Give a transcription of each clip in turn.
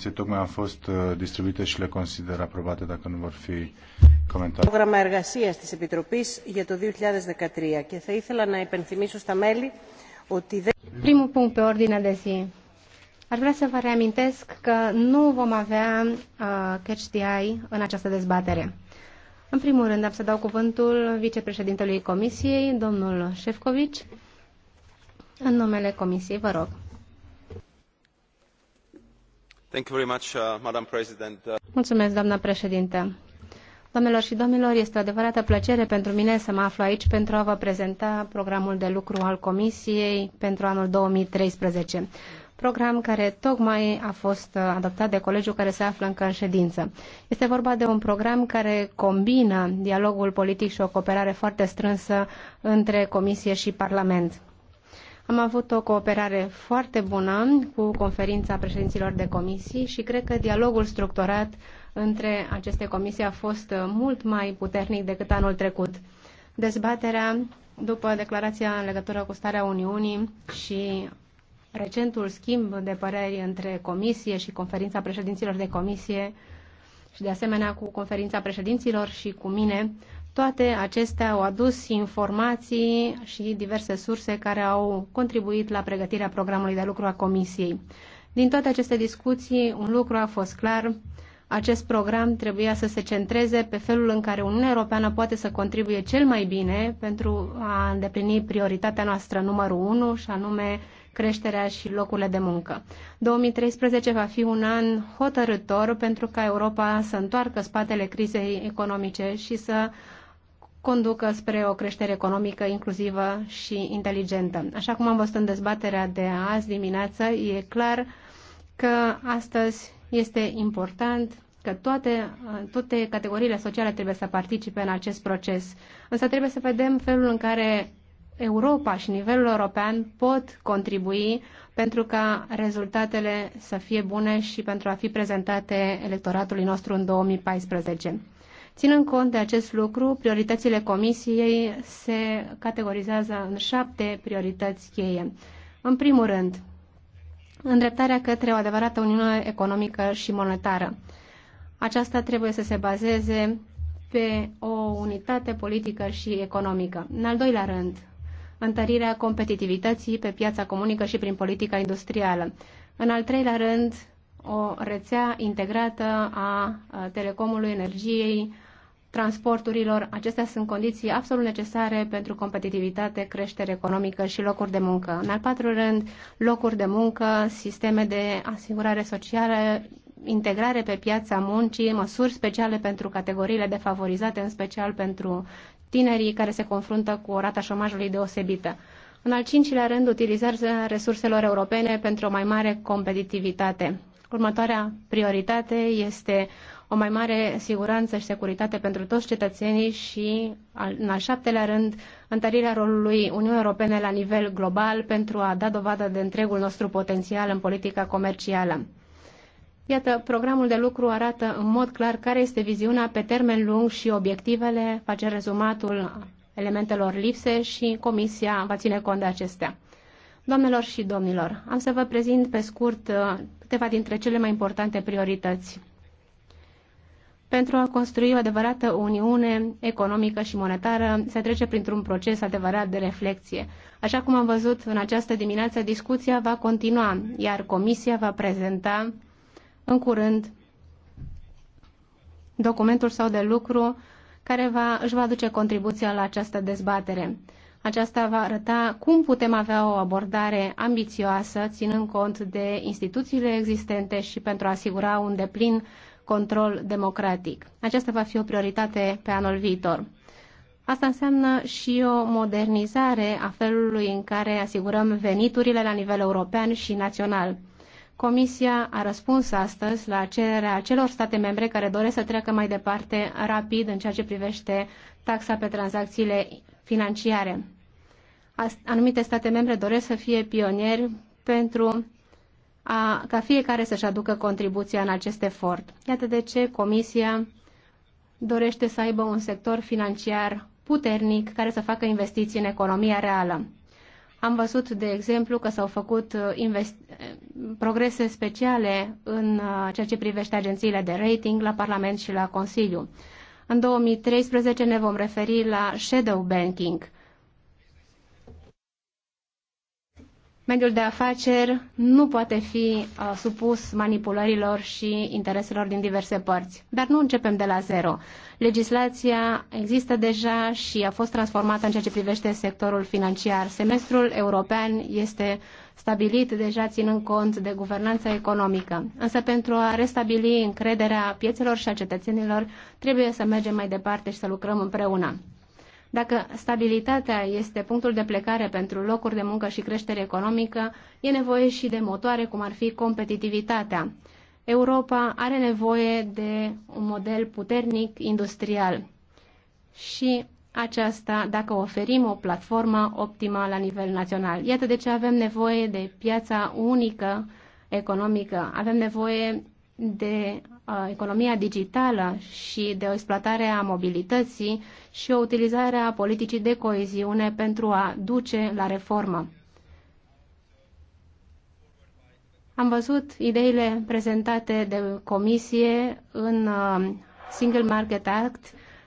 Se tocmai au fost uh, distribuite și le consider aprobate dacă nu vor fi comentate. Programul εργασίας της Επιτροπής για το 2013 και θα ήθελα να υπενθυμίσω στα μέλη ότι δεν... Primul punct pe ordinea de zi. Aș vrea să vă reamintesc că nu vom avea uh, catch the eye în această dezbatere. În primul rând am să dau cuvântul vicepreședintelui Comisiei, domnul Șefcovici. În numele Comisiei, vă rog. Uh, uh, Mulțumesc, Doamnelor și domnilor, este o adevărată plăcere pentru mine să mă aflu aici pentru a vă prezenta programul de lucru al Comisiei pentru anul 2013 program care tocmai a fost uh, adoptat de colegiul care se află încă în ședință. Este vorba de un program care combină dialogul politic și o cooperare foarte strânsă între Comisie și Parlament. Am avut o cooperare foarte bună cu conferința președinților de comisii și cred că dialogul structurat între aceste comisii a fost mult mai puternic decât anul trecut. Dezbaterea după declarația în legătură cu starea Uniunii și recentul schimb de păreri între comisie și conferința președinților de comisie și de asemenea cu conferința președinților și cu mine, toate acestea au adus informații și diverse surse care au contribuit la pregătirea programului de lucru a Comisiei. Din toate aceste discuții, un lucru a fost clar. Acest program trebuia să se centreze pe felul în care Uniunea Europeană poate să contribuie cel mai bine pentru a îndeplini prioritatea noastră numărul 1 și anume creșterea și locurile de muncă. 2013 va fi un an hotărător pentru ca Europa să întoarcă spatele crizei economice și să conducă spre o creștere economică inclusivă și inteligentă. Așa cum am văzut în dezbaterea de azi dimineață, e clar că astăzi este important că toate, toate categoriile sociale trebuie să participe în acest proces. Însă trebuie să vedem felul în care Europa și nivelul european pot contribui pentru ca rezultatele să fie bune și pentru a fi prezentate electoratului nostru în 2014. Ținând cont de acest lucru, prioritățile Comisiei se categorizează în șapte priorități cheie. În primul rând, îndreptarea către o adevărată uniune economică și monetară. Aceasta trebuie să se bazeze pe o unitate politică și economică. În al doilea rând, întărirea competitivității pe piața comunică și prin politica industrială. În al treilea rând, o rețea integrată a telecomului, energiei, transporturilor. Acestea sunt condiții absolut necesare pentru competitivitate, creștere economică și locuri de muncă. În al patrulea rând, locuri de muncă, sisteme de asigurare socială, integrare pe piața muncii, măsuri speciale pentru categoriile defavorizate, în special pentru tinerii care se confruntă cu o rata șomajului deosebită. În al cincilea rând, utilizarea resurselor europene pentru o mai mare competitivitate. Următoarea prioritate este o mai mare siguranță și securitate pentru toți cetățenii și, în al șaptelea rând, întărirea rolului Uniunii Europene la nivel global pentru a da dovadă de întregul nostru potențial în politica comercială. Iată, programul de lucru arată în mod clar care este viziunea pe termen lung și obiectivele, face rezumatul elementelor lipse și comisia va ține cont de acestea. Doamnelor și domnilor, am să vă prezint pe scurt uh, câteva dintre cele mai importante priorități. Pentru a construi o adevărată uniune economică și monetară, se trece printr-un proces adevărat de reflexie. Așa cum am văzut în această dimineață, discuția va continua, iar Comisia va prezenta în curând documentul sau de lucru care va, își va aduce contribuția la această dezbatere. Aceasta va arăta cum putem avea o abordare ambițioasă, ținând cont de instituțiile existente și pentru a asigura un deplin control democratic. Aceasta va fi o prioritate pe anul viitor. Asta înseamnă și o modernizare a felului în care asigurăm veniturile la nivel european și național. Comisia a răspuns astăzi la cererea celor state membre care doresc să treacă mai departe rapid în ceea ce privește taxa pe tranzacțiile financiare. Anumite state membre doresc să fie pionieri pentru a, ca fiecare să-și aducă contribuția în acest efort. Iată de ce Comisia dorește să aibă un sector financiar puternic care să facă investiții în economia reală. Am văzut, de exemplu, că s-au făcut uh, progrese speciale în uh, ceea ce privește agențiile de rating la Parlament și la Consiliu. În 2013 ne vom referi la shadow banking mediul de afaceri nu poate fi uh, supus manipulărilor și intereselor din diverse părți. Dar nu începem de la zero. Legislația există deja și a fost transformată în ceea ce privește sectorul financiar. Semestrul european este stabilit deja ținând cont de guvernanța economică. Însă pentru a restabili încrederea piețelor și a cetățenilor, trebuie să mergem mai departe și să lucrăm împreună. Dacă stabilitatea este punctul de plecare pentru locuri de muncă și creștere economică, e nevoie și de motoare cum ar fi competitivitatea. Europa are nevoie de un model puternic industrial și aceasta dacă oferim o platformă optimă la nivel național. Iată de ce avem nevoie de piața unică economică, avem nevoie de economia digitală și de o exploatare a mobilității și o utilizare a politicii de coeziune pentru a duce la reformă. Am văzut ideile prezentate de comisie în Single Market Act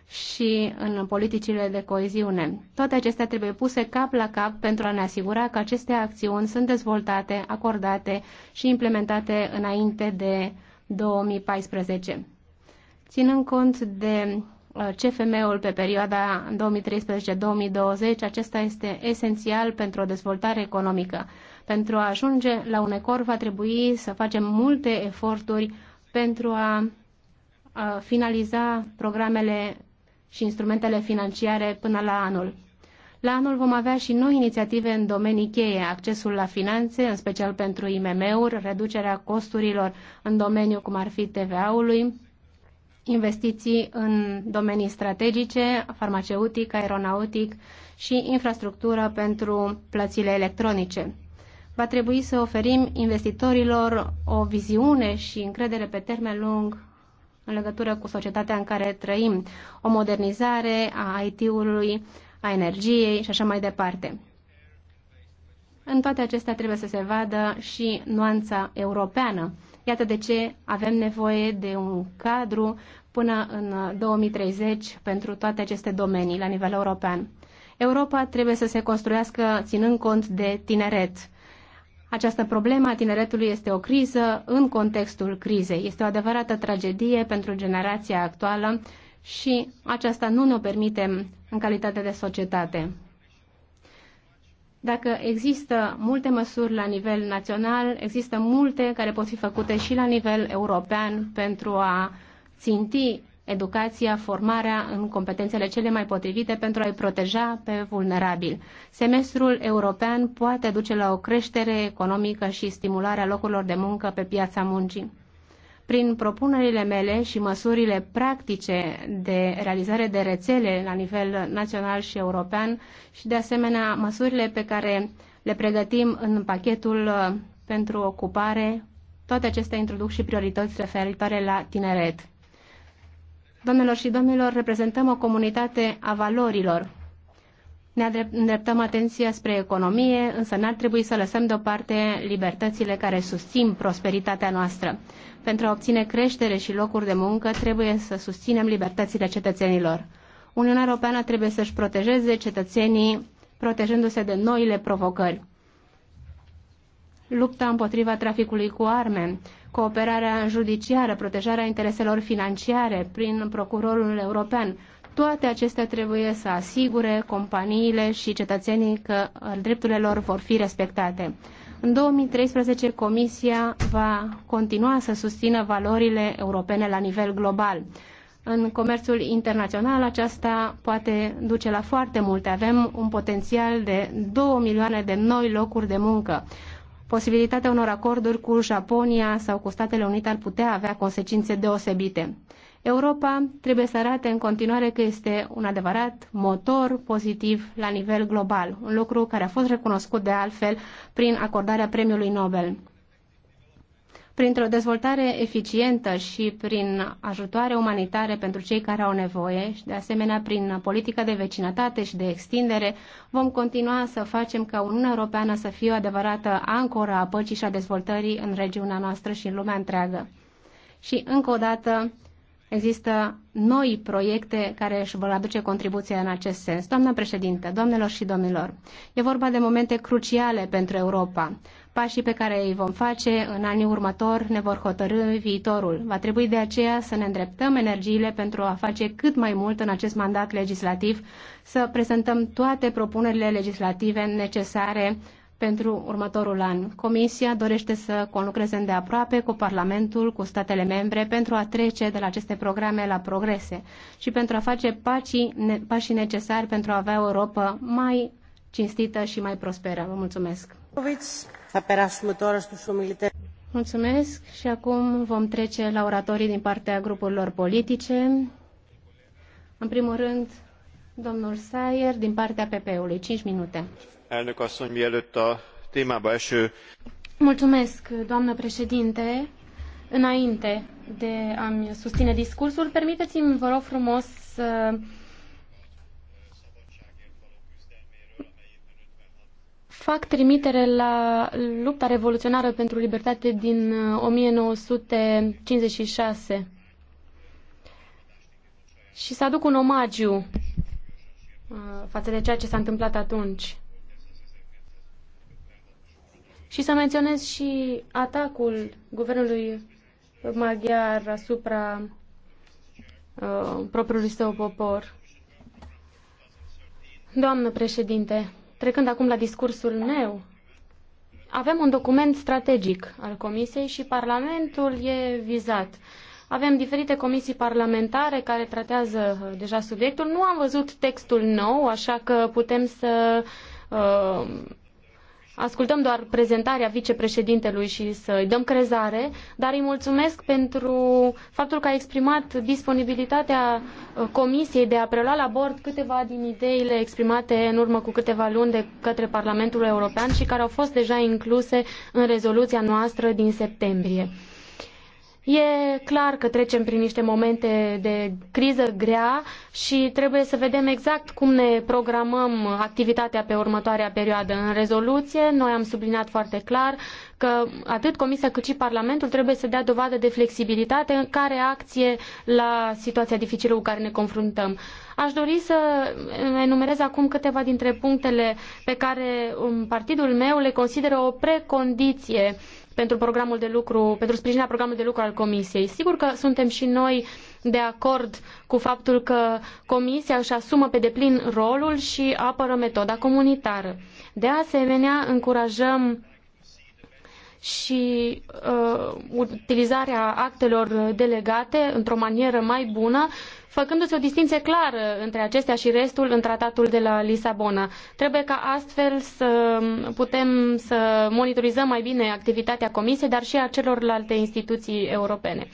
și în politicile de coeziune. Toate acestea trebuie puse cap la cap pentru a ne asigura că aceste acțiuni sunt dezvoltate, acordate și implementate înainte de 2014. Ținând cont de uh, CFM-ul pe perioada 2013-2020, acesta este esențial pentru o dezvoltare economică. Pentru a ajunge la un ecor va trebui să facem multe eforturi pentru a, a uh, finaliza programele și instrumentele financiare până la anul. La anul vom avea și noi inițiative în domenii cheie, accesul la finanțe, în special pentru IMM-uri, reducerea costurilor în domeniu cum ar fi TVA-ului, investiții în domenii strategice, farmaceutic, aeronautic și infrastructură pentru plățile electronice. Va trebui să oferim investitorilor o viziune și încredere pe termen lung în legătură cu societatea în care trăim, o modernizare a IT-ului, a energiei și așa mai departe. În toate acestea trebuie să se vadă și nuanța europeană. Iată de ce avem nevoie de un cadru până în 2030 pentru toate aceste domenii la nivel european. Europa trebuie să se construiască ținând cont de tineret. Această problemă a tineretului este o criză în contextul crizei. Este o adevărată tragedie pentru generația actuală și aceasta nu ne-o permitem în calitate de societate. Dacă există multe măsuri la nivel național, există multe care pot fi făcute și la nivel european pentru a ținti educația, formarea în competențele cele mai potrivite pentru a-i proteja pe vulnerabil. Semestrul european poate duce la o creștere economică și stimularea locurilor de muncă pe piața muncii. Prin propunerile mele și măsurile practice de realizare de rețele la nivel național și european și de asemenea măsurile pe care le pregătim în pachetul uh, pentru ocupare, toate acestea introduc și priorități referitoare la tineret. Domnilor și domnilor, reprezentăm o comunitate a valorilor ne îndreptăm atenția spre economie, însă n-ar trebui să lăsăm deoparte libertățile care susțin prosperitatea noastră. Pentru a obține creștere și locuri de muncă, trebuie să susținem libertățile cetățenilor. Uniunea Europeană trebuie să-și protejeze cetățenii, protejându-se de noile provocări. Lupta împotriva traficului cu arme, cooperarea judiciară, protejarea intereselor financiare prin procurorul european, toate acestea trebuie să asigure companiile și cetățenii că uh, drepturile lor vor fi respectate. În 2013, Comisia va continua să susțină valorile europene la nivel global. În comerțul internațional aceasta poate duce la foarte multe. Avem un potențial de 2 milioane de noi locuri de muncă. Posibilitatea unor acorduri cu Japonia sau cu Statele Unite ar putea avea consecințe deosebite. Europa trebuie să arate în continuare că este un adevărat motor pozitiv la nivel global, un lucru care a fost recunoscut de altfel prin acordarea premiului Nobel. Printr-o dezvoltare eficientă și prin ajutoare umanitare pentru cei care au nevoie și de asemenea prin politica de vecinătate și de extindere, vom continua să facem ca Uniunea Europeană să fie o adevărată ancoră a păcii și a dezvoltării în regiunea noastră și în lumea întreagă. Și încă o dată Există noi proiecte care își vor aduce contribuția în acest sens. Doamna președintă, doamnelor și domnilor, e vorba de momente cruciale pentru Europa. Pașii pe care îi vom face în anii următori ne vor hotărâ viitorul. Va trebui de aceea să ne îndreptăm energiile pentru a face cât mai mult în acest mandat legislativ, să prezentăm toate propunerile legislative necesare pentru următorul an. Comisia dorește să conlucreze îndeaproape cu Parlamentul, cu statele membre, pentru a trece de la aceste programe la progrese și pentru a face pașii, ne, pașii necesari pentru a avea o Europa mai cinstită și mai prosperă. Vă mulțumesc! Mulțumesc și acum vom trece la oratorii din partea grupurilor politice. În primul rând, domnul Saier, din partea PP-ului. 5 minute. Mulțumesc, președinte. Înainte de a-mi susține discursul, permiteți-mi, vă rog frumos, să fac trimitere la lupta revoluționară pentru libertate din 1956 uh, și să aduc un omagiu uh, față de ceea ce s-a întâmplat atunci. Și să menționez și atacul guvernului maghiar asupra uh, propriului său popor. Doamnă președinte, trecând acum la discursul meu, avem un document strategic al Comisiei și Parlamentul e vizat. Avem diferite comisii parlamentare care tratează uh, deja subiectul. Nu am văzut textul nou, așa că putem să uh, ascultăm doar prezentarea vicepreședintelui și să-i dăm crezare, dar îi mulțumesc pentru faptul că a exprimat disponibilitatea uh, Comisiei de a prelua la bord câteva din ideile exprimate în urmă cu câteva luni de către Parlamentul European și care au fost deja incluse în rezoluția noastră din septembrie. E clar că trecem prin niște momente de criză grea și trebuie să vedem exact cum ne programăm activitatea pe următoarea perioadă. În rezoluție, noi am subliniat foarte clar că atât Comisia cât și Parlamentul trebuie să dea dovadă de flexibilitate în care acție la situația dificilă cu care ne confruntăm. Aș dori să enumerez acum câteva dintre punctele pe care um, partidul meu le consideră o precondiție uh, pentru programul de lucru, pentru sprijinirea programului de lucru al Comisiei. Sigur că suntem și noi de acord cu faptul că Comisia își asumă pe deplin rolul și apără metoda comunitară. De asemenea, încurajăm și uh, utilizarea actelor delegate într-o manieră mai bună, făcându-se o distinție clară între acestea și restul în tratatul de la Lisabona. Trebuie ca astfel să putem să monitorizăm mai bine activitatea Comisiei, dar și a celorlalte instituții europene.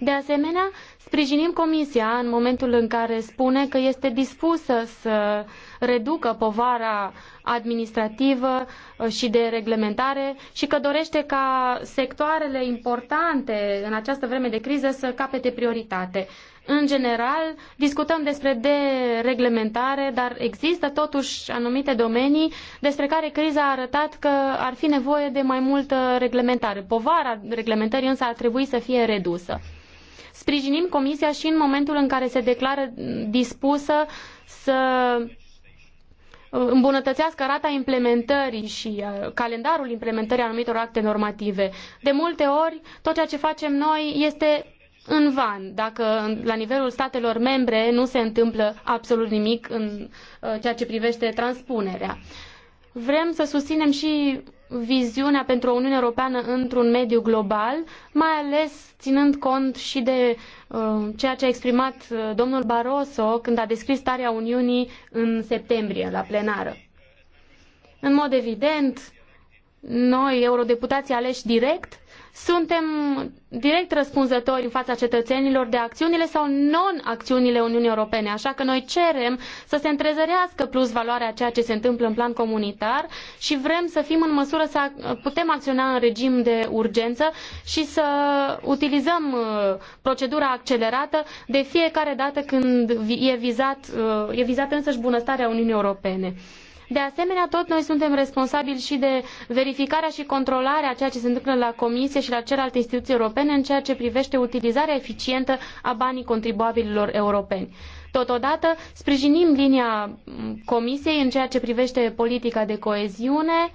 De asemenea, sprijinim Comisia în momentul în care spune că este dispusă să uh, reducă povara administrativă uh, și de reglementare și că dorește ca sectoarele importante în această vreme de criză să capete prioritate. În general, discutăm despre dereglementare, dar există totuși anumite domenii despre care criza a arătat că ar fi nevoie de mai multă reglementare. Povara reglementării însă ar trebui să fie redusă. Sprijinim Comisia și în momentul în care se declară dispusă să îmbunătățească rata implementării și uh, calendarul implementării anumitor acte normative. De multe ori, tot ceea ce facem noi este în van, dacă la nivelul statelor membre nu se întâmplă absolut nimic în uh, ceea ce privește transpunerea. Vrem să susținem și viziunea pentru o Uniune Europeană într-un mediu global, mai ales ținând cont și de uh, ceea ce a exprimat uh, domnul Barroso când a descris starea Uniunii în septembrie la plenară. În mod evident, noi, eurodeputații aleși direct, suntem direct răspunzători în fața cetățenilor de acțiunile sau non-acțiunile Uniunii Europene, așa că noi cerem să se întrezărească plus valoarea ceea ce se întâmplă în plan comunitar și vrem să fim în măsură să putem acționa în regim de urgență și să utilizăm uh, procedura accelerată de fiecare dată când e, vizat, uh, e vizată însăși bunăstarea Uniunii Europene. De asemenea, tot noi suntem responsabili și de verificarea și controlarea a ceea ce se întâmplă la Comisie și la celelalte instituții europene în ceea ce privește utilizarea eficientă a banii contribuabililor europeni. Totodată, sprijinim linia Comisiei în ceea ce privește politica de coeziune,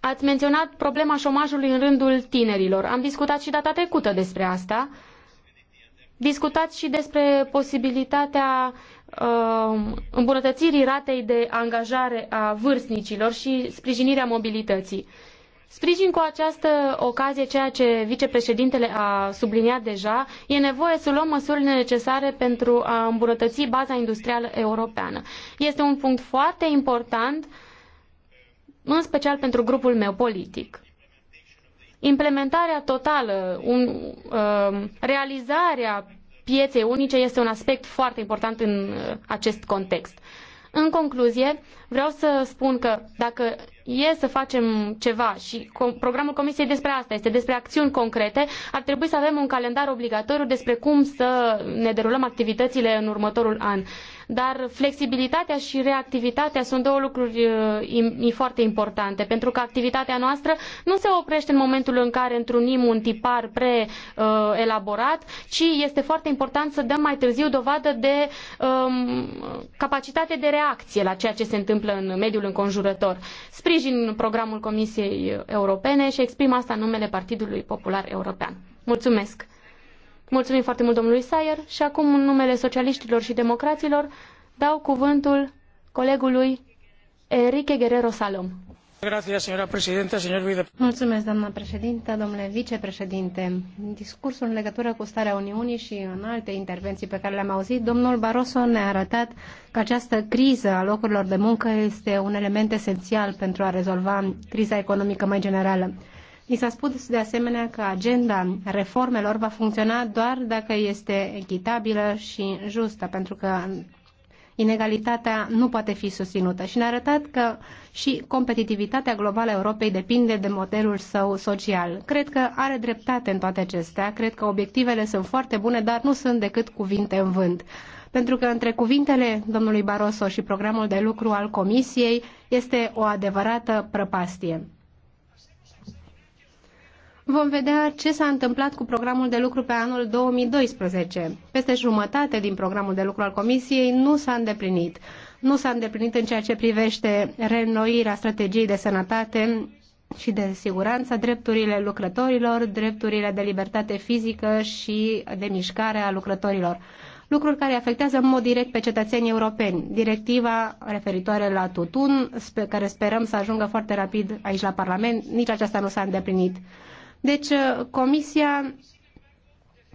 Ați menționat problema șomajului în rândul tinerilor. Am discutat și data trecută despre asta. Discutați și despre posibilitatea Um, îmbunătățirii ratei de angajare a vârstnicilor și sprijinirea mobilității. Sprijin cu această ocazie ceea ce vicepreședintele a subliniat deja, e nevoie să luăm măsurile necesare pentru a îmbunătăți baza industrială europeană. Este un punct foarte important, în special pentru grupul meu politic. Implementarea totală, un, uh, realizarea pieței unice este un aspect foarte important în uh, acest context. În concluzie, vreau să spun că dacă e să facem ceva și programul Comisiei despre asta este despre acțiuni concrete, ar trebui să avem un calendar obligatoriu despre cum să ne derulăm activitățile în următorul an dar flexibilitatea și reactivitatea sunt două lucruri uh, foarte importante, pentru că activitatea noastră nu se oprește în momentul în care întrunim un tipar pre-elaborat, uh, ci este foarte important să dăm mai târziu dovadă de um, capacitate de reacție la ceea ce se întâmplă în mediul înconjurător. Sprijin programul Comisiei Europene și exprim asta în numele Partidului Popular European. Mulțumesc! Mulțumim foarte mult domnului Sayer și acum în numele socialiștilor și democraților dau cuvântul colegului Enrique Guerrero Salom. Mulțumesc, doamna președintă, domnule vicepreședinte. În discursul în legătură cu starea Uniunii și în alte intervenții pe care le-am auzit, domnul Barroso ne-a arătat că această criză a locurilor de muncă este un element esențial pentru a rezolva criza economică mai generală. Ni s-a spus de asemenea că agenda reformelor va funcționa doar dacă este echitabilă și justă, pentru că inegalitatea nu poate fi susținută și ne-a arătat că și competitivitatea globală a Europei depinde de modelul său social. Cred că are dreptate în toate acestea, cred că obiectivele sunt foarte bune, dar nu sunt decât cuvinte în vânt. Pentru că între cuvintele domnului Barroso și programul de lucru al Comisiei este o adevărată prăpastie vom vedea ce s-a întâmplat cu programul de lucru pe anul 2012. Peste jumătate din programul de lucru al Comisiei nu s-a îndeplinit. Nu s-a îndeplinit în ceea ce privește reînnoirea strategiei de sănătate și de siguranță, drepturile lucrătorilor, drepturile de libertate fizică și de mișcare a lucrătorilor lucruri care afectează în mod direct pe cetățenii europeni. Directiva referitoare la tutun, pe care sperăm să ajungă foarte rapid aici la Parlament, nici aceasta nu s-a îndeplinit. Deci uh, comisia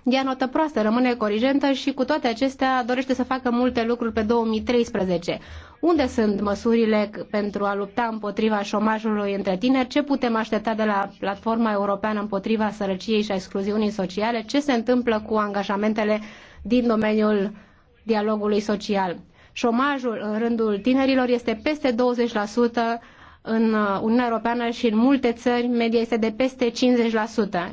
ia notă proastă, rămâne corigentă și cu toate acestea dorește să facă multe lucruri pe 2013. Unde sunt măsurile pentru a lupta împotriva șomajului între tineri? Ce putem aștepta de la Platforma Europeană împotriva sărăciei și a excluziunii sociale? Ce se întâmplă cu angajamentele din domeniul dialogului social? Șomajul în rândul tinerilor este peste 20% în uh, Uniunea Europeană și în multe țări media este de peste 50%.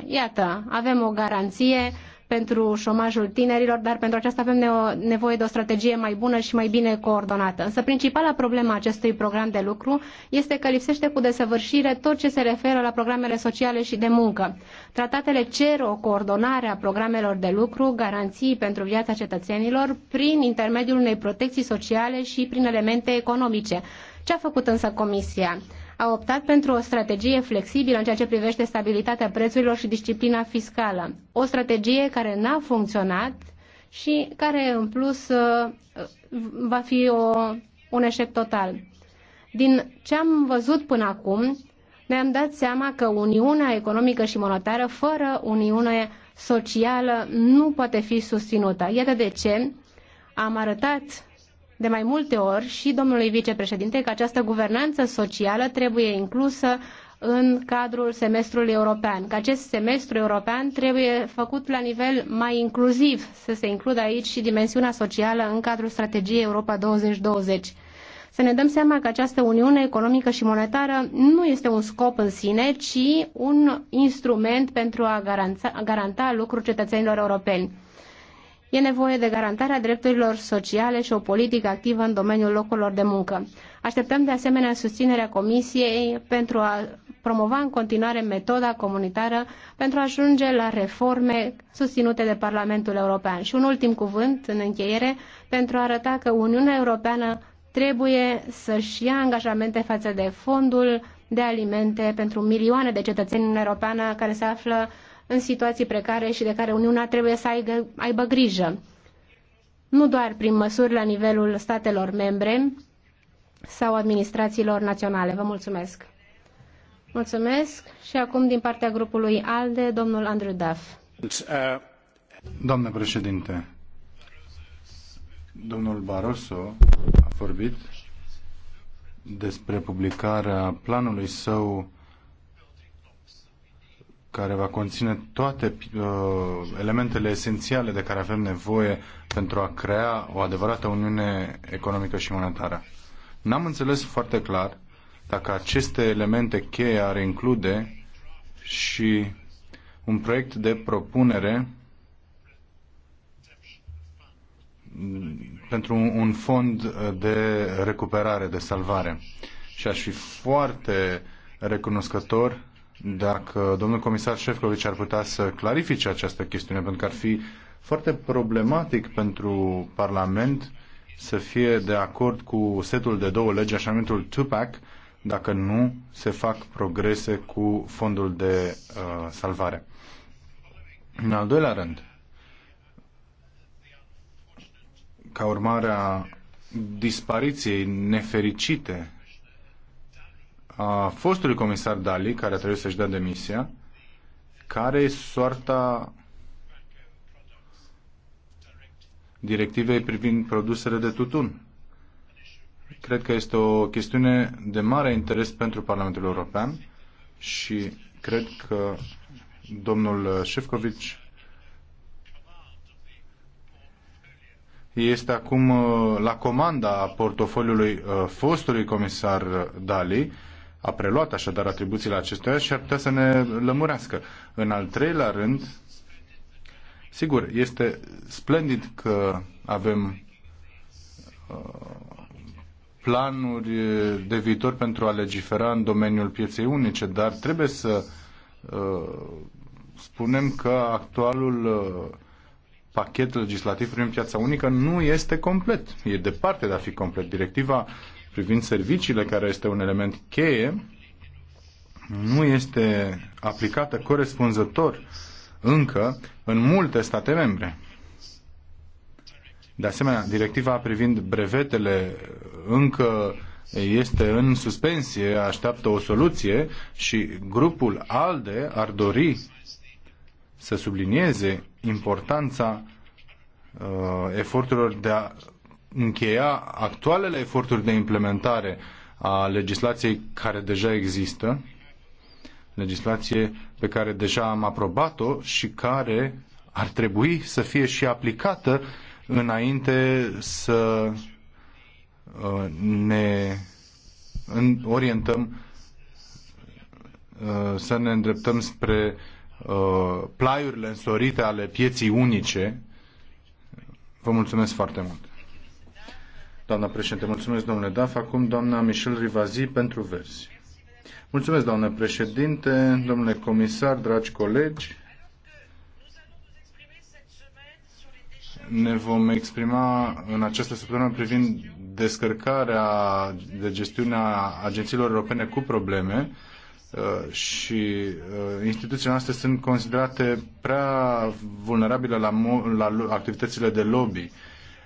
Iată, avem o garanție pentru șomajul tinerilor, dar pentru aceasta avem nevoie de o strategie mai bună și mai bine coordonată. Însă principala problemă a acestui program de lucru este că lipsește cu desăvârșire tot ce se referă la programele sociale și de muncă. Tratatele cer o coordonare a programelor de lucru, garanții pentru viața cetățenilor prin intermediul unei protecții sociale și prin elemente economice. Ce a făcut însă Comisia? A optat pentru o strategie flexibilă în ceea ce privește stabilitatea prețurilor și disciplina fiscală. O strategie care n-a funcționat și care, în plus, uh, va fi o, un eșec total. Din ce am văzut până acum, ne-am dat seama că Uniunea Economică și Monetară, fără Uniune Socială, nu poate fi susținută. Iată de ce am arătat de mai multe ori și domnului vicepreședinte că această guvernanță socială trebuie inclusă în cadrul semestrului european, că acest semestru european trebuie făcut la nivel mai inclusiv, să se includă aici și dimensiunea socială în cadrul strategiei Europa 2020 să ne dăm seama că această uniune economică și monetară nu este un scop în sine, ci un instrument pentru a garanta, a garanta lucruri cetățenilor europeni. E nevoie de garantarea drepturilor sociale și o politică activă în domeniul locurilor de muncă. Așteptăm de asemenea susținerea Comisiei pentru a promova în continuare metoda comunitară pentru a ajunge la reforme susținute de Parlamentul European. Și un ultim cuvânt în încheiere pentru a arăta că Uniunea Europeană trebuie să-și ia angajamente față de fondul de alimente pentru milioane de cetățeni în Europeană care se află în situații precare și de care Uniunea trebuie să aibă, aibă grijă. Nu doar prin măsuri la nivelul statelor membre sau administrațiilor naționale. Vă mulțumesc! Mulțumesc și acum din partea grupului ALDE, domnul Andrew Duff. Domnule președinte, domnul Barroso a vorbit despre publicarea planului său care va conține toate uh, elementele esențiale de care avem nevoie pentru a crea o adevărată uniune economică și monetară. N-am înțeles foarte clar dacă aceste elemente cheie ar include și un proiect de propunere pentru un fond de recuperare, de salvare. Și aș fi foarte recunoscător dacă domnul comisar Șefcovici ar putea să clarifice această chestiune, pentru că ar fi foarte problematic pentru Parlament să fie de acord cu setul de două legi, așa numitul TUPAC, dacă nu se fac progrese cu fondul de uh, salvare. În al doilea rând, ca urmare a dispariției nefericite a fostului comisar Dali, care a trebuit să-și dea demisia, care e soarta directivei privind produsele de tutun. Cred că este o chestiune de mare interes pentru Parlamentul European și cred că domnul Șefcovici este acum uh, la comanda portofoliului uh, fostului comisar Dali a preluat așadar atribuțiile acestea și ar putea să ne lămurească. În al treilea rând, sigur, este splendid că avem uh, planuri de viitor pentru a legifera în domeniul pieței unice, dar trebuie să uh, spunem că actualul uh, pachet legislativ prin piața unică nu este complet. E departe de a fi complet. Directiva privind serviciile, care este un element cheie, nu este aplicată corespunzător încă în multe state membre. De asemenea, directiva privind brevetele încă este în suspensie, așteaptă o soluție și grupul ALDE ar dori să sublinieze importanța uh, eforturilor de a încheia actualele eforturi de implementare a legislației care deja există, legislație pe care deja am aprobat-o și care ar trebui să fie și aplicată înainte să uh, ne orientăm, uh, să ne îndreptăm spre uh, plaiurile însorite ale pieții unice. Vă mulțumesc foarte mult! doamna președinte. Mulțumesc, domnule Daf. Acum, doamna Michel Rivazi pentru versi. Mulțumesc, doamnă președinte, domnule comisar, dragi colegi. Ne vom exprima în această săptămână privind descărcarea de a agențiilor europene cu probleme uh, și uh, instituțiile noastre sunt considerate prea vulnerabile la, la activitățile de lobby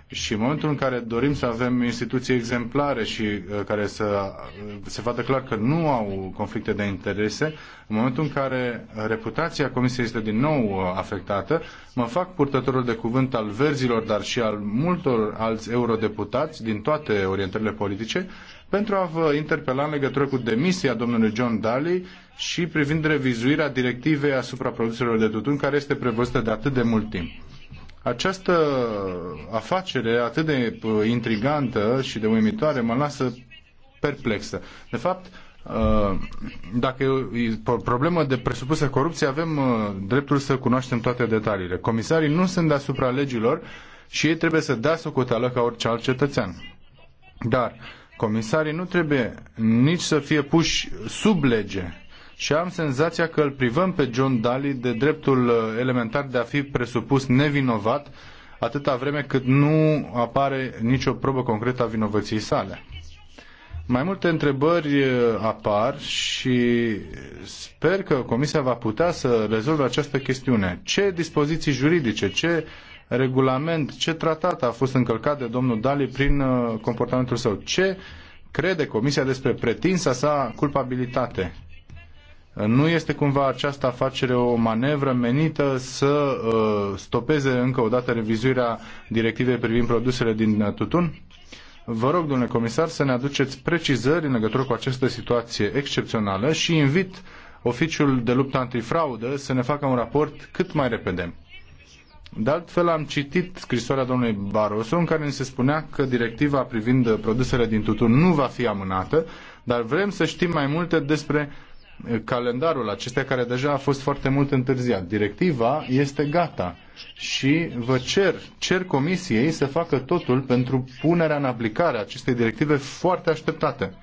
și în momentul în care dorim să avem instituții exemplare și uh, care să uh, se vadă clar că nu au conflicte de interese, în momentul în care reputația Comisiei este din nou uh, afectată, mă fac purtătorul de cuvânt al verzilor, dar și al multor alți eurodeputați din toate orientările politice, pentru a vă interpela în legătură cu demisia domnului John Daly și privind revizuirea directivei asupra produselor de tutun care este prevăzută de atât de mult timp. Această afacere atât de uh, intrigantă și de uimitoare mă lasă perplexă. De fapt, uh, dacă e o problemă de presupusă corupție, avem uh, dreptul să cunoaștem toate detaliile. Comisarii nu sunt deasupra legilor și ei trebuie să dea socoteală ca orice alt cetățean. Dar comisarii nu trebuie nici să fie puși sub lege și am senzația că îl privăm pe John Daly de dreptul uh, elementar de a fi presupus nevinovat atâta vreme cât nu apare nicio probă concretă a vinovăției sale. Mai multe întrebări uh, apar și sper că Comisia va putea să rezolve această chestiune. Ce dispoziții juridice, ce regulament, ce tratat a fost încălcat de domnul Dali prin uh, comportamentul său? Ce crede Comisia despre pretinsa sa culpabilitate? Nu este cumva această afacere o manevră menită să uh, stopeze încă o dată revizuirea directivei privind produsele din uh, tutun? Vă rog, domnule comisar, să ne aduceți precizări în legătură cu această situație excepțională și invit oficiul de luptă antifraudă să ne facă un raport cât mai repede. De altfel, am citit scrisoarea domnului Barroso în care ni se spunea că directiva privind produsele din tutun nu va fi amânată, dar vrem să știm mai multe despre calendarul acesta care deja a fost foarte mult întârziat. Directiva este gata și vă cer, cer comisiei să facă totul pentru punerea în aplicare a acestei directive foarte așteptate.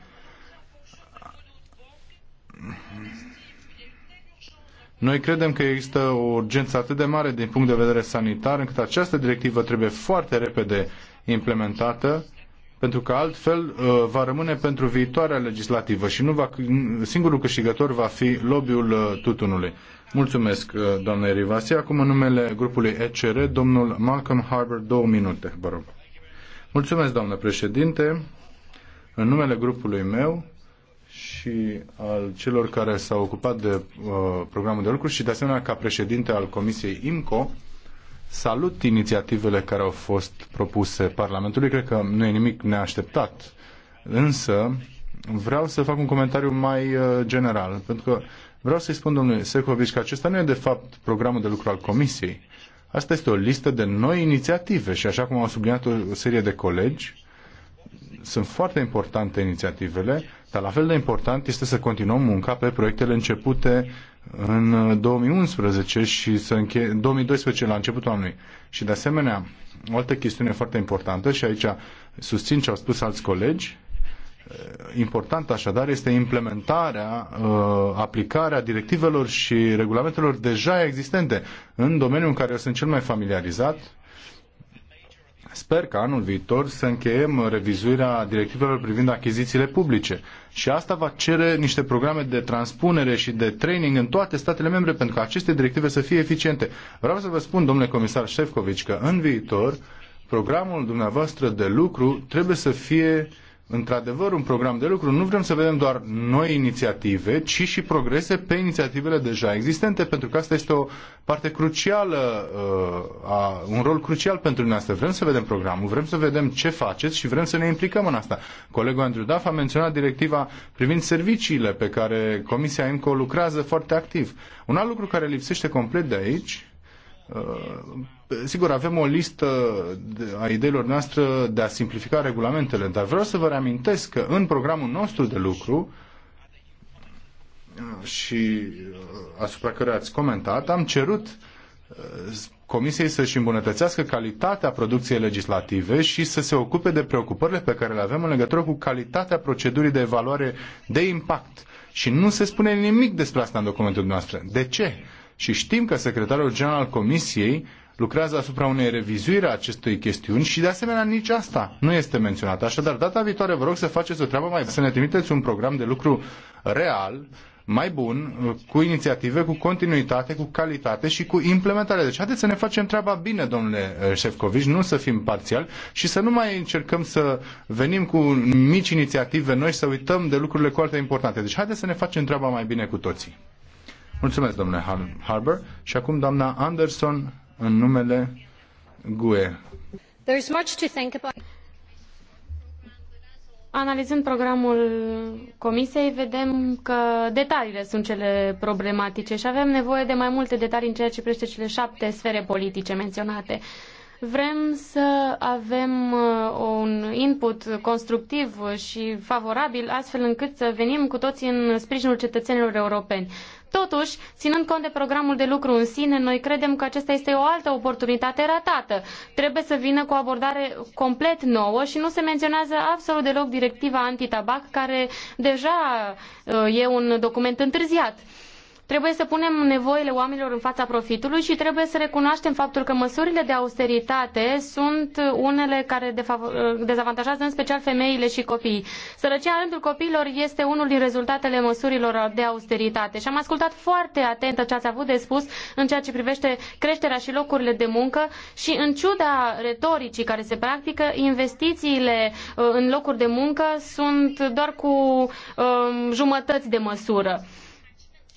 Noi credem că există o urgență atât de mare din punct de vedere sanitar încât această directivă trebuie foarte repede implementată pentru că altfel uh, va rămâne pentru viitoarea legislativă și nu va, singurul câștigător va fi lobby-ul uh, tutunului. Mulțumesc, uh, doamne Rivasi. Acum în numele grupului ECR, domnul Malcolm Harbour, două minute, vă rog. Mulțumesc, doamnă președinte. În numele grupului meu și al celor care s-au ocupat de uh, programul de lucru și de asemenea ca președinte al Comisiei IMCO, Salut inițiativele care au fost propuse Parlamentului, cred că nu e nimic neașteptat, însă vreau să fac un comentariu mai uh, general, pentru că vreau să-i spun domnului Secovici că acesta nu e de fapt programul de lucru al Comisiei. Asta este o listă de noi inițiative și așa cum au subliniat o serie de colegi, sunt foarte importante inițiativele, dar la fel de important este să continuăm munca pe proiectele începute în 2011 uh, și să încheie, în 2012 la începutul anului. Și de asemenea, o altă chestiune foarte importantă și aici susțin ce au spus alți colegi, uh, important așadar este implementarea, uh, aplicarea directivelor și regulamentelor deja existente în domeniul în care eu sunt cel mai familiarizat, Sper că anul viitor să încheiem revizuirea directivelor privind achizițiile publice și asta va cere niște programe de transpunere și de training în toate statele membre pentru ca aceste directive să fie eficiente. Vreau să vă spun, domnule comisar Șefcovici, că în viitor programul dumneavoastră de lucru trebuie să fie uh, într-adevăr un program de lucru. Nu vrem să vedem doar noi inițiative, ci și progrese pe inițiativele deja existente, pentru că asta este o parte crucială, uh, a, un rol crucial pentru noi. Asta Vrem să vedem programul, vrem să vedem ce faceți și vrem să ne implicăm în asta. Colegul Andrew Duff a menționat directiva privind serviciile pe care Comisia IMCO lucrează foarte activ. Un alt lucru care lipsește complet de aici uh, Sigur, avem o listă a ideilor noastre de a simplifica regulamentele, dar vreau să vă reamintesc că în programul nostru de lucru uh, și uh, asupra căruia ați comentat, am cerut uh, Comisiei să-și îmbunătățească calitatea producției legislative și să se ocupe de preocupările pe care le avem în legătură cu calitatea procedurii de evaluare de impact. Și nu se spune nimic despre asta în documentul noastră. De ce? Și știm că secretarul general al Comisiei uh, lucrează asupra unei revizuiri a acestei chestiuni și de asemenea nici asta nu este menționată. Așadar, data viitoare vă rog să faceți o treabă mai bună. să ne trimiteți un program de lucru real, mai bun, cu inițiative, cu continuitate, cu calitate și cu implementare. Deci haideți să ne facem treaba bine, domnule eh, Șefcoviș, nu să fim parțial și să nu mai încercăm să venim cu mici inițiative noi, să uităm de lucrurile cu alte importante. Deci haideți să ne facem treaba mai bine cu toții. Mulțumesc, domnule Harbour. Și acum doamna Anderson în numele GUE. Analizând programul Comisiei, vedem că detaliile sunt cele problematice și avem nevoie de mai multe detalii în ceea ce privește cele șapte sfere politice menționate. Vrem să avem uh, un input constructiv și favorabil, astfel încât să venim cu toții în sprijinul cetățenilor europeni. Totuși, ținând cont de programul de lucru în sine, noi credem că acesta este o altă oportunitate ratată. Trebuie să vină cu o abordare complet nouă și nu se menționează absolut deloc directiva antitabac, care deja uh, e un document întârziat. Trebuie să punem nevoile oamenilor în fața profitului și trebuie să recunoaștem faptul că măsurile de austeritate sunt unele care dezavantajează în special femeile și copiii. Sărăcia în rândul copiilor este unul din rezultatele măsurilor de austeritate și am ascultat foarte atentă ce ați avut de spus în ceea ce privește creșterea și locurile de muncă și în ciuda retoricii care se practică, investițiile uh, în locuri de muncă sunt doar cu um, jumătăți de măsură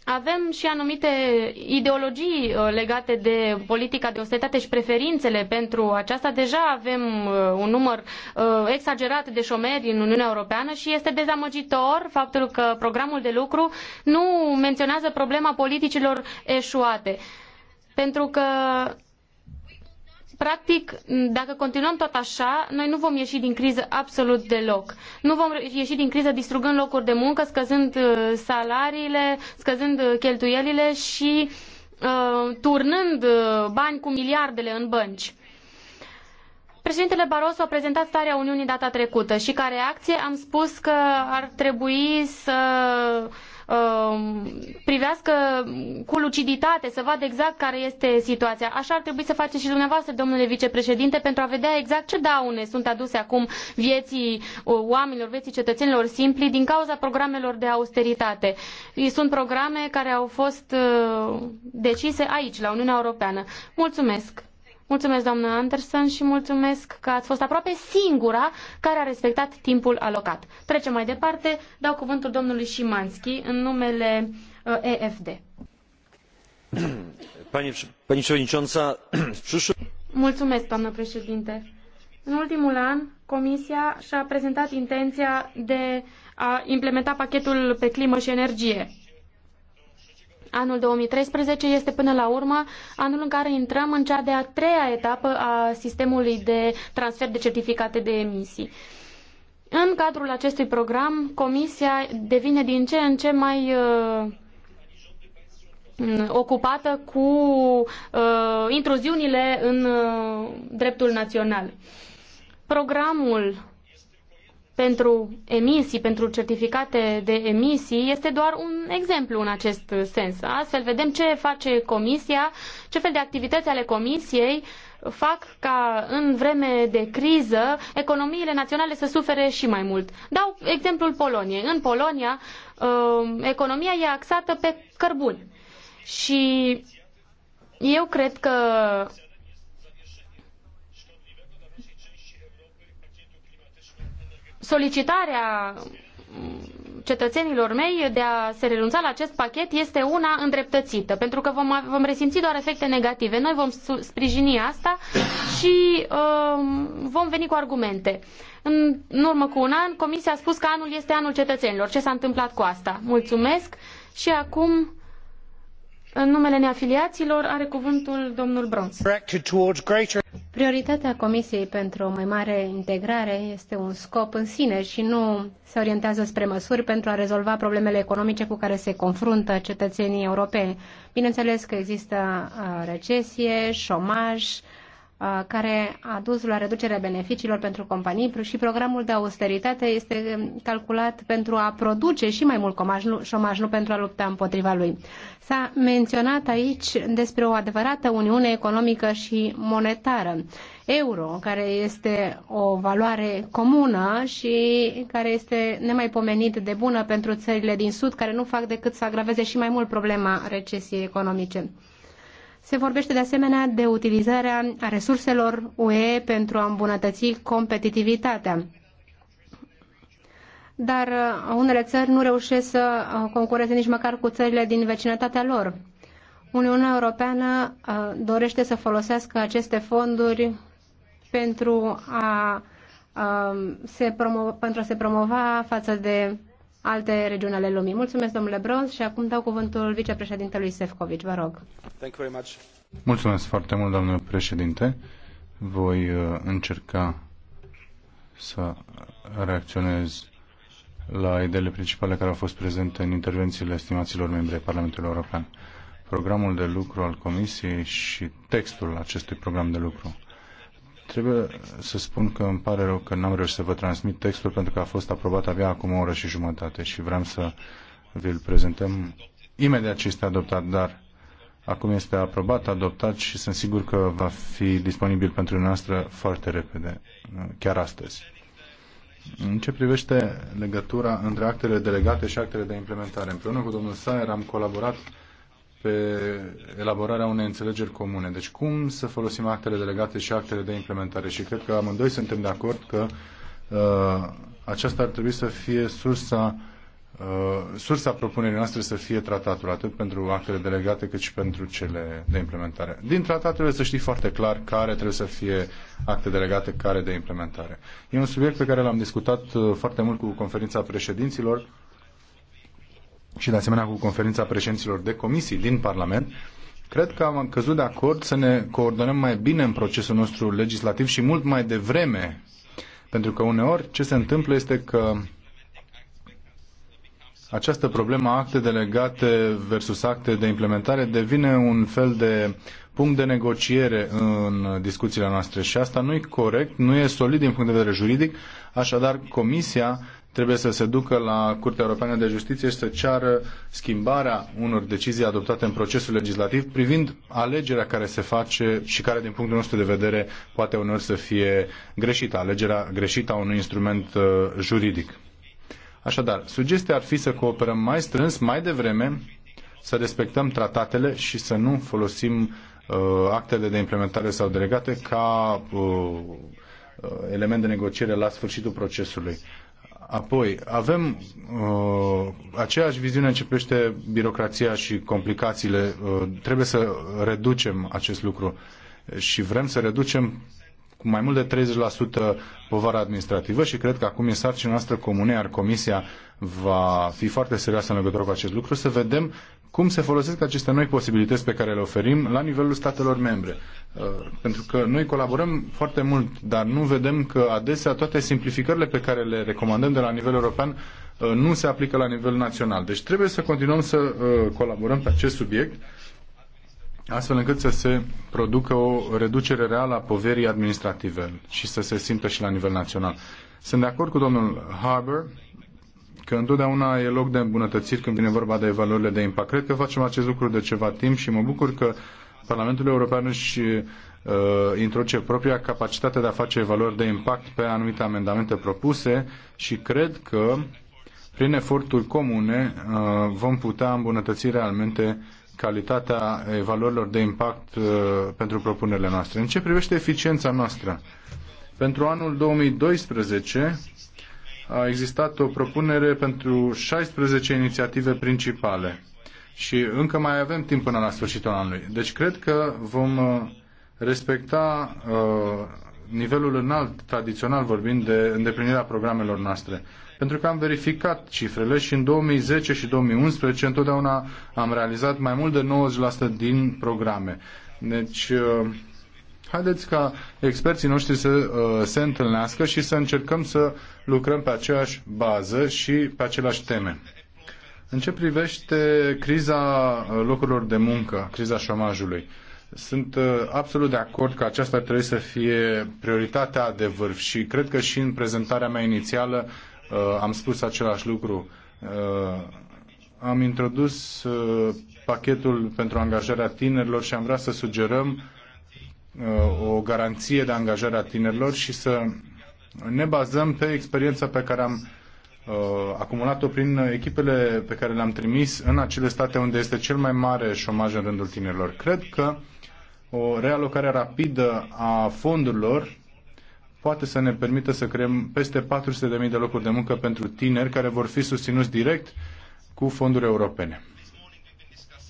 avem și anumite ideologii uh, legate de politica de austeritate și preferințele pentru aceasta. Deja avem uh, un număr uh, exagerat de șomeri în Uniunea Europeană și este dezamăgitor faptul că programul de lucru nu menționează problema politicilor eșuate. Pentru că practic, dacă continuăm tot așa, noi nu vom ieși din criză absolut deloc. Nu vom ieși din criză distrugând locuri de muncă, scăzând uh, salariile, scăzând uh, cheltuielile și uh, turnând uh, bani cu miliardele în bănci. Președintele Barroso a prezentat starea Uniunii data trecută și ca reacție am spus că ar trebui să uh, Um, privească cu luciditate, să vadă exact care este situația. Așa ar trebui să faceți și dumneavoastră, domnule vicepreședinte, pentru a vedea exact ce daune sunt aduse acum vieții uh, oamenilor, vieții cetățenilor simpli din cauza programelor de austeritate. Sunt programe care au fost uh, decise aici, la Uniunea Europeană. Mulțumesc! Mulțumesc, doamnă Anderson, și mulțumesc că ați fost aproape singura care a respectat timpul alocat. Trecem mai departe. Dau cuvântul domnului Șimanski în numele uh, EFD. Pani, pani Mulțumesc, doamnă președinte. În ultimul an, Comisia și-a prezentat intenția de a implementa pachetul pe climă și energie. Anul 2013 este până la urmă anul în care intrăm în cea de-a treia etapă a sistemului de transfer de certificate de emisii. În cadrul acestui program, Comisia devine din ce în ce mai uh, ocupată cu uh, intruziunile în uh, dreptul național. Programul pentru emisii, pentru certificate de emisii, este doar un exemplu în acest sens. Astfel vedem ce face comisia, ce fel de activități ale comisiei fac ca în vreme de criză economiile naționale să sufere și mai mult. Dau exemplul Poloniei. În Polonia, um, economia e axată pe cărbuni. Și eu cred că solicitarea cetățenilor mei de a se renunța la acest pachet este una îndreptățită, pentru că vom, vom resimți doar efecte negative. Noi vom sprijini asta și uh, vom veni cu argumente. În, în urmă cu un an, Comisia a spus că anul este anul cetățenilor. Ce s-a întâmplat cu asta? Mulțumesc și acum... În numele neafiliaților are cuvântul domnul Bronz. Prioritatea Comisiei pentru o mai mare integrare este un scop în sine și nu se orientează spre măsuri pentru a rezolva problemele economice cu care se confruntă cetățenii europeni. Bineînțeles că există uh, recesie, șomaj, Uh, care a dus la reducerea beneficiilor pentru companii și programul de austeritate este um, calculat pentru a produce și mai mult comaj, nu, șomaj, nu pentru a lupta împotriva lui. S-a menționat aici despre o adevărată uniune economică și monetară. Euro, care este o valoare comună și care este nemaipomenit de bună pentru țările din Sud, care nu fac decât să agraveze și mai mult problema recesiei economice. Se vorbește de asemenea de utilizarea resurselor UE pentru a îmbunătăți competitivitatea. Dar uh, unele țări nu reușesc să uh, concureze nici măcar cu țările din vecinătatea lor. Uniunea Europeană uh, dorește să folosească aceste fonduri pentru a, se promo- pentru a se promova față de alte regiuni ale lumii. Mulțumesc, domnule Bronz, și acum dau cuvântul vicepreședintelui Sefcovic. Vă rog. Thank you very much. Mulțumesc foarte mult, domnule președinte. Voi uh, încerca să reacționez la ideile principale care au fost prezente în intervențiile estimaților membrii Parlamentului European. Programul de lucru al Comisiei și textul acestui program de lucru. Trebuie să spun că îmi pare rău că n-am reușit să vă transmit textul pentru că a fost aprobat abia acum o oră și jumătate și vreau să vi-l prezentăm imediat ce este adoptat, dar acum este aprobat, adoptat și sunt sigur că va fi disponibil pentru noastră foarte repede, chiar astăzi. În ce privește legătura între actele delegate și actele de implementare, împreună cu domnul Saer am colaborat pe elaborarea unei înțelegeri comune. Deci cum să folosim actele delegate și actele de implementare. Și cred că amândoi suntem de acord că uh, aceasta ar trebui să fie sursa uh, sursa propunerii noastre să fie tratatul, atât pentru actele delegate cât și pentru cele de implementare. Din trebuie să știi foarte clar care trebuie să fie acte delegate, care de implementare. E un subiect pe care l-am discutat uh, foarte mult cu conferința președinților și de asemenea cu conferința președinților de comisii din Parlament, cred că am căzut de acord să ne coordonăm mai bine în procesul nostru legislativ și mult mai devreme. Pentru că uneori ce se întâmplă este că această problemă a acte delegate versus acte de implementare devine un fel de punct de negociere în discuțiile noastre și asta nu e corect, nu e solid din punct de vedere juridic, așadar Comisia trebuie să se ducă la Curtea Europeană de Justiție și să ceară schimbarea unor decizii adoptate în procesul legislativ privind alegerea care se face și care, din punctul nostru de vedere, poate uneori să fie greșită, alegerea greșită a unui instrument uh, juridic. Așadar, sugestia ar fi să cooperăm mai strâns, mai devreme, să respectăm tratatele și să nu folosim uh, actele de implementare sau delegate ca uh, uh element de negociere la sfârșitul procesului. Apoi, avem uh, aceeași viziune în ce privește birocrația și complicațiile. Uh, trebuie să reducem acest lucru și vrem să reducem cu mai mult de 30% povara administrativă și cred că acum e sarcina noastră comune, iar Comisia va fi foarte serioasă în legătură cu acest lucru, să vedem cum se folosesc aceste noi posibilități pe care le oferim la nivelul statelor membre. Uh, pentru că noi colaborăm foarte mult, dar nu vedem că adesea toate simplificările pe care le recomandăm de la nivel european uh, nu se aplică la nivel național. Deci trebuie să continuăm să uh, colaborăm pe acest subiect astfel încât să se producă o reducere reală a poverii administrative și să se simtă și la nivel național. Sunt de acord cu domnul Harbour că întotdeauna e loc de îmbunătățiri când vine vorba de valorile de impact. Cred că facem acest lucru de ceva timp și mă bucur că Parlamentul European își uh, introduce propria capacitate de a face valori de impact pe anumite amendamente propuse și cred că prin eforturi comune uh, vom putea îmbunătăți realmente calitatea valorilor de impact uh, pentru propunerile noastre. În ce privește eficiența noastră? Pentru anul 2012 a existat o propunere pentru 16 inițiative principale și încă mai avem timp până la sfârșitul anului. Deci cred că vom uh, respecta uh, nivelul înalt, tradițional vorbind, de îndeplinirea programelor noastre. Pentru că am verificat cifrele și în 2010 și 2011 întotdeauna am realizat mai mult de 90% din programe. Deci uh, Haideți ca experții noștri să uh, se întâlnească și să încercăm să lucrăm pe aceeași bază și pe aceleași teme. În ce privește criza uh, locurilor de muncă, criza șomajului, sunt uh, absolut de acord că aceasta trebuie să fie prioritatea de vârf și cred că și în prezentarea mea inițială uh, am spus același lucru. Uh, am introdus uh, pachetul pentru angajarea tinerilor și am vrea să sugerăm Uh, o garanție de angajare a tinerilor și să ne bazăm pe experiența pe care am uh, acumulat-o prin echipele pe care le-am trimis în acele state unde este cel mai mare șomaj în rândul tinerilor. Cred că o realocare rapidă a fondurilor poate să ne permită să creăm peste 400.000 de locuri de muncă pentru tineri care vor fi susținuți direct cu fonduri europene.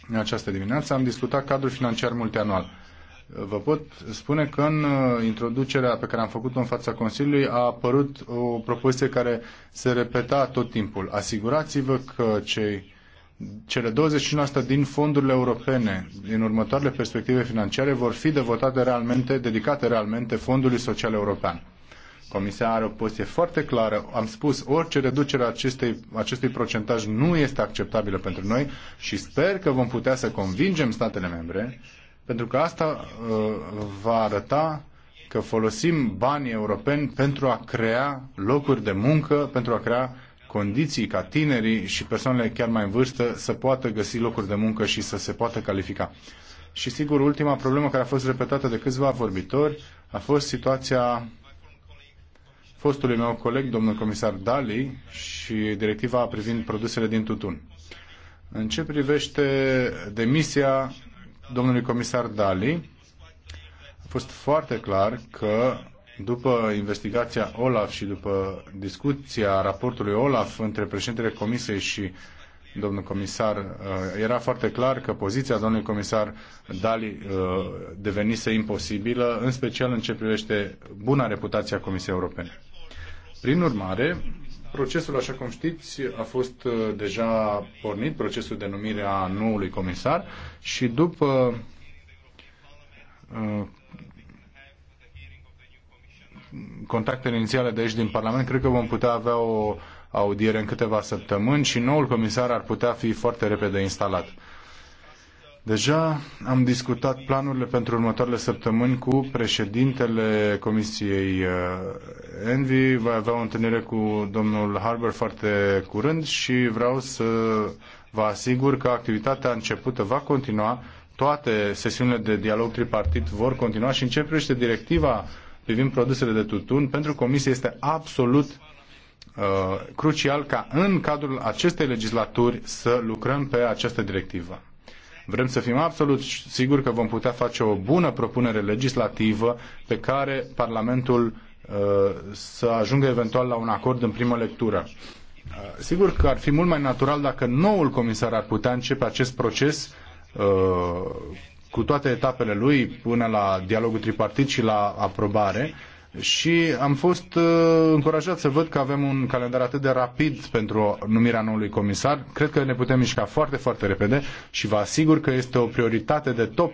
În această dimineață am discutat cadrul financiar multianual. Vă pot spune că în uh, introducerea pe care am făcut-o în fața Consiliului a apărut o propoziție care se repeta tot timpul. Asigurați-vă că cei cele 25% din fondurile europene din următoarele perspective financiare vor fi devotate realmente, dedicate realmente fondului social european. Comisia are o poziție foarte clară. Am spus, orice reducere a acestei, acestui procentaj nu este acceptabilă pentru noi și sper că vom putea să convingem statele membre pentru că asta uh, va arăta că folosim banii europeni pentru a crea locuri de muncă, pentru a crea condiții ca tinerii și persoanele chiar mai în vârstă să poată găsi locuri de muncă și să se poată califica. Și sigur, ultima problemă care a fost repetată de câțiva vorbitori a fost situația fostului meu coleg, domnul comisar Dali, și directiva privind produsele din tutun. În ce privește demisia domnului comisar Dali a fost foarte clar că după investigația Olaf și după discuția raportului Olaf între președintele Comisiei și domnul comisar, uh, era foarte clar că poziția domnului comisar Dali uh, devenise imposibilă, în special în ce privește buna reputație a Comisiei Europene. Prin urmare, Procesul, așa cum știți, a fost uh, deja pornit, procesul de numire a noului comisar și după uh, contactele inițiale de aici din Parlament, cred că vom putea avea o audiere în câteva săptămâni și noul comisar ar putea fi foarte repede instalat. Deja am discutat planurile pentru următoarele săptămâni cu președintele Comisiei uh, Envi. Va avea o întâlnire cu domnul Harbour foarte curând și vreau să vă asigur că activitatea începută va continua. Toate sesiunile de dialog tripartit vor continua și în ce privește directiva privind produsele de tutun, pentru Comisie este absolut uh, crucial ca în cadrul acestei legislaturi să lucrăm pe această directivă. Vrem să fim absolut siguri că vom putea face o bună propunere legislativă pe care Parlamentul uh, să ajungă eventual la un acord în primă lectură. Uh, sigur că ar fi mult mai natural dacă noul comisar ar putea începe acest proces uh, cu toate etapele lui, până la dialogul tripartit și la aprobare, și am fost uh, încurajat să văd că avem un calendar atât de rapid pentru numirea noului comisar. Cred că ne putem mișca foarte, foarte repede și vă asigur că este o prioritate de top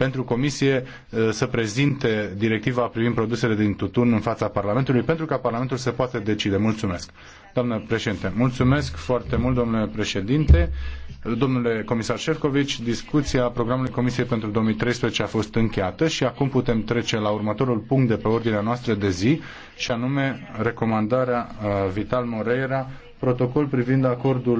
pentru Comisie uh, să prezinte directiva privind produsele din tutun în fața Parlamentului, pentru ca Parlamentul să poată decide. Mulțumesc. Doamnă președinte, mulțumesc foarte mult, domnule președinte. Domnule comisar Șefcovici, discuția programului Comisiei pentru 2013 a fost încheiată și acum putem trece la următorul punct de pe ordinea noastră de zi, și anume recomandarea uh, Vital Moreira, protocol privind acordul